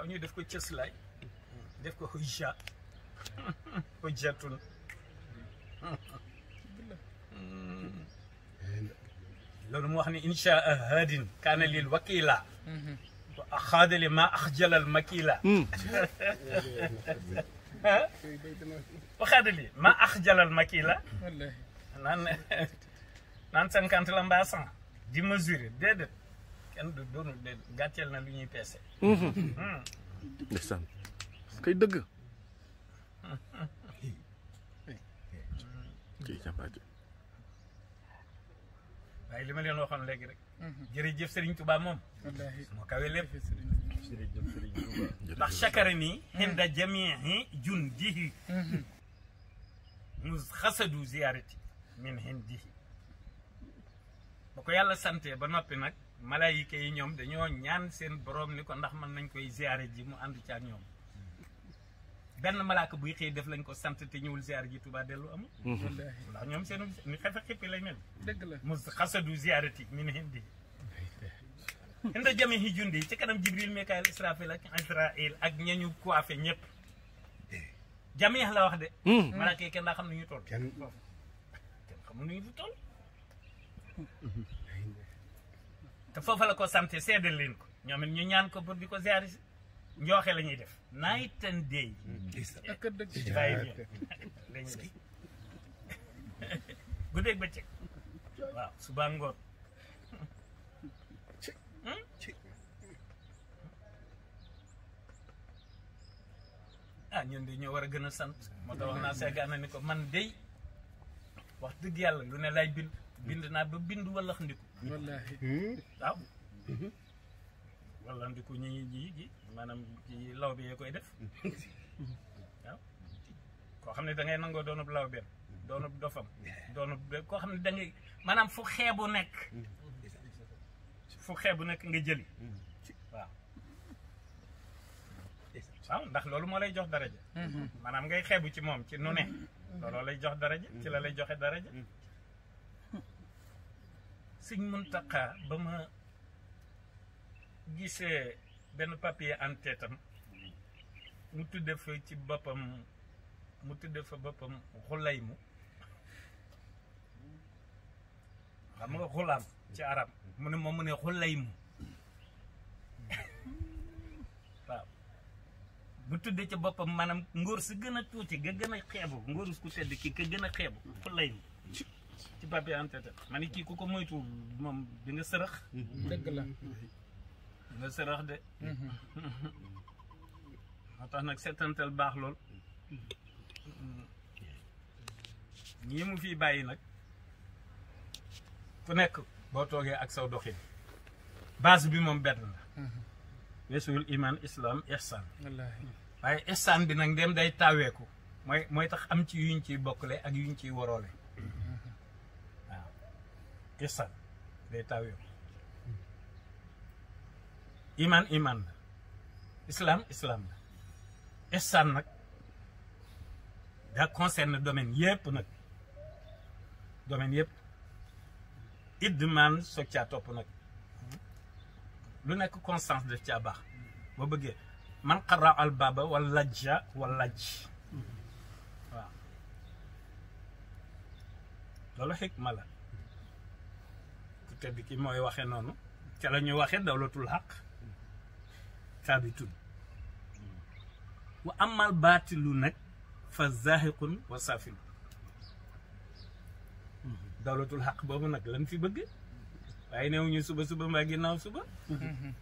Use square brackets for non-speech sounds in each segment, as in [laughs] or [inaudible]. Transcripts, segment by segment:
waaw ñu def ko cëslaay def ko hujja hujjatun loolu mu wax ne insha hadin kaana lil wakila wa axaadali ma axjalal makila [laughs] waxaadali ma axjalal makila naan naan cinquante la di mesurer déedéet kenn du doonul na lu ñuy peese. ndeysaan kay dëgg. waaye li ma leen waxoon léegi rek. jërëjëf Serigne Touba moom. moo kawe lépp. nii. hinda jamiihi jundihi. mus xasadu ziyaarati min hindihi. ba ko yàlla sante ba noppi nag. malayika yi ñoom dañoo ñaan seen boroom ni ko ndax mën nañ koy ziare ji mu ànd ci ñoom benn malaaka buy xëy def lañ ko sant te ñëwul ziare ji Tuubaa dellu amul mhm. ndax ñoom seen ni xefe xippi lay mel dëgg la mu xasadu ziarati min hindi inda jame yi junde yi ci kanam Jibril Mikaayil Israfil ak Israil ak ñañu coiffé ñëpp jamiyax la wax de hmm. malaaka yi kenn daa xam ne ñu toll kenn xamul nu ñu toll te foofa la ko sante seedal leen ko ñoom ñu ñaan ko pour di ko ziar njooxe la ñuy def night and day [laughs] guddeeg bëccëg waaw suba ngoon hmm? ah ñun de ñoo war a gën a sant moo tax wax naa seegaan na ni ko man day wax dëgg yàlla lu ne lay bind bind naa ba bind wallax ndiku wallaahi hmm? waaw hmm? wallax ndiku ñi ji ji maanaam ci law bi yee koy def hmm. koo xam ne da ngay nangoo bu law benn bu dofam bu koo xam ne da ngay maanaam fu xeebu nekk fu xeebu nekk nga jëli waaw ndax loolu moo lay jox daraja maanaam ngay xeebu ci moom ci nu ne Mm-hmm. looloo lay jox daraja ci la lay joxe daraja mm-hmm. sëñ Muntaxa ba ma gisee benn papier en tête mu tudde fa ci boppam mu tudde fa boppam xulay mu xam nga xulaam ci arab mu ne moom mu ne xulay mu bu tuddee ca boppam maanaam ngóor si gën a tuuti nga gën a xeebu ngóor ku tedd kii ka gën a xeebu fu lay ci papier en tête ma ne kii ku ko moytu moom di nga sërëx dëgg la de moo tax nag setantal baax lool ñii mu fii bàyyi nag ku nekk boo toogee ak saw doxin base bi moom benn la mhm. weesuwul iman islam ihsan waaye instant bi nag dem day taaweeku mooy mooy tax am ci yuñ ciy bokkale ak yuñ ciy waroole waaw instant day taaweeku iman iman la islam islam la instant nag daa concerne domaine yépp nag domaine yépp idman soog caa topp nag lu nekk constance def caa baax boo bëggee man xarra al baba wala lajja wala lajj waaw loolu xikma la ku tedd ki mooy waxe noonu ca la ñuy waxe dawlatul xaq saabitun wa amal baatilu nag fa zaahiqun wa saafilun dawlatul xaq boobu nag lan fi bëgg waaye newuñu suba suba mbaa génnaaw suba mhm.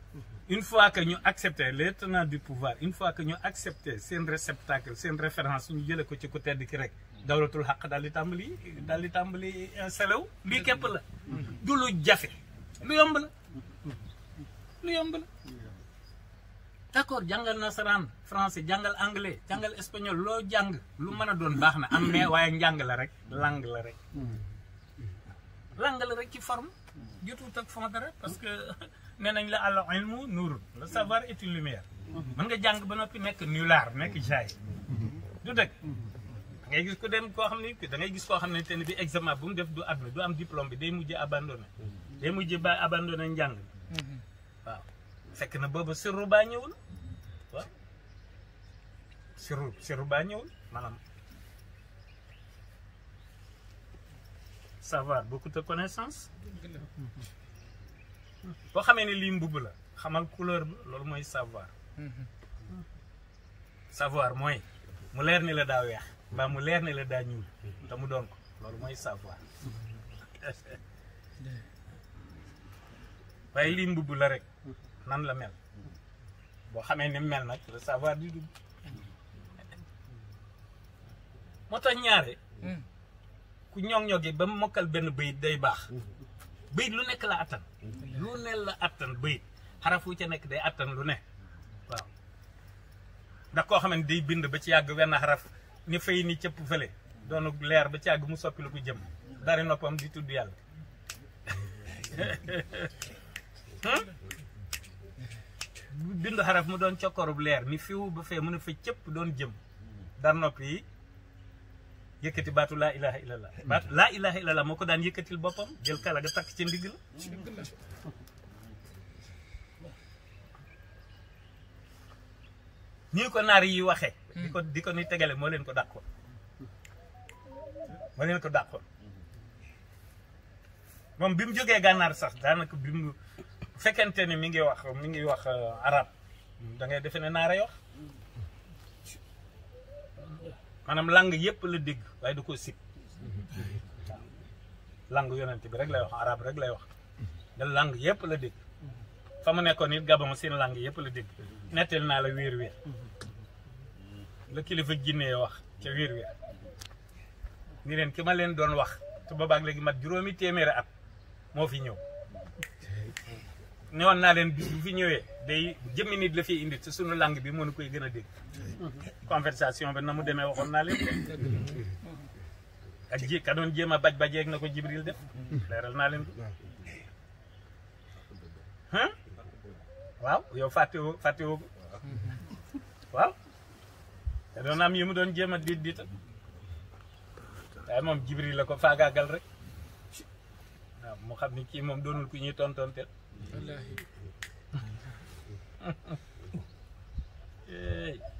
une fois que ñu accepté les tenants du pouvoir une fois que ñu accepté seen réceptacle seen référence ñu jëlee ko ci ku tedd ki rek dawlatul xaq daal di tàmbali daal di tàmbali euh, selew lii képp la mhm. du lu jafe lu yomb la lu yomb la d'accord jàngal nasaraan français jàngal anglais jàngal espagnol loo jàng lu mën a doon baax na am mais waaye njàng la rek lang la rek mhm. lang la rek ci forme jotut ak fond dara parce que [laughs] nee nañ la al ilmu nuur le savoir est une lumière. nga jàng ba noppi nekk nulaar nekk jaay. du dëkk gis ko dem koo xam ne da gis koo xam ne te ne bu mu def du admis du am diplôme bi day mujj abandonné. day mujj ba abandonné njàng. na booba sirru baa ñëwul waaw sirru sirru baa ñëwul savoir beaucoup de connaissance boo xamee ne lii mbubb la xamal couleur loolu mooy savoir savoir mooy mu leer ni la daa weex mbaa mu leer ni la daa ñuul te mu doon ko loolu mooy savoir waaye lii mbubb la rek nan la mel boo xamee ni mel nag le savoir di dugg moo tax ñaare hmm. ku ñoŋ-ñogi ba mokkal benn bayit day baax mm-hmm. bayit lu nekk la attan mm-hmm. lu ne la attan bayit xarafu ca nekk day attan lu ne waaw ndax koo xam ne day bind ba ci yàgg wenn xaraf ni fay ni cëpp fële doonu leer ba ci yàgg mu soppi lu ko jëm dari noppam di tudd yàlla [laughs] hmm? bindu xaraf mu doon cokkorub leer ni fiw ba fee mën a fa cëpp doon jëm dar nopp yi yëkkati baatu laa ilaha illallah baatu laa ilaha illallah moo ko daan yëkkatil boppam jël kala ga takk ci ndigg la nii ko naar yi waxee di ko di ko ni tegale moo leen ko dàqoon ko dàqoon moom bi mu jógee gànnaar sax daanaka bi mu fekkente ni mi ngi wax mi ngi wax euh, arab da ngay defe ne naara wax maanaam lang yëpp la dégg waaye du ko sib lang yonent bi rek lay wax arab rek lay wax da lang yëpp la dégg fa mu nekkoon it gabon seen lang yépp la dégg nettali naa la wiir wéer la kilifa ginnee wax ca wéer wéer ni leen ki ma leen doon wax te boobaag léegi mat juróomi téeméeri at moo fi ñëw newoon naa leen bis bu fi ñëwee day jëmmi nit la fi indi te suñu langue bi mënu koy gën a dégg conversation bi na mu demee waxoon naa leen ak ji ka doon jéem a baj bajeeg na ko Jibril def leeral naa leen ko waaw yow fàttewoo fàttewoo ko waaw te doon am yi mu doon jéem a diit diita waaye moom Jibril la ko faagaagal rek mu xam ni kii moom doonul ku ñuy tontonteel wallaahi [laughs]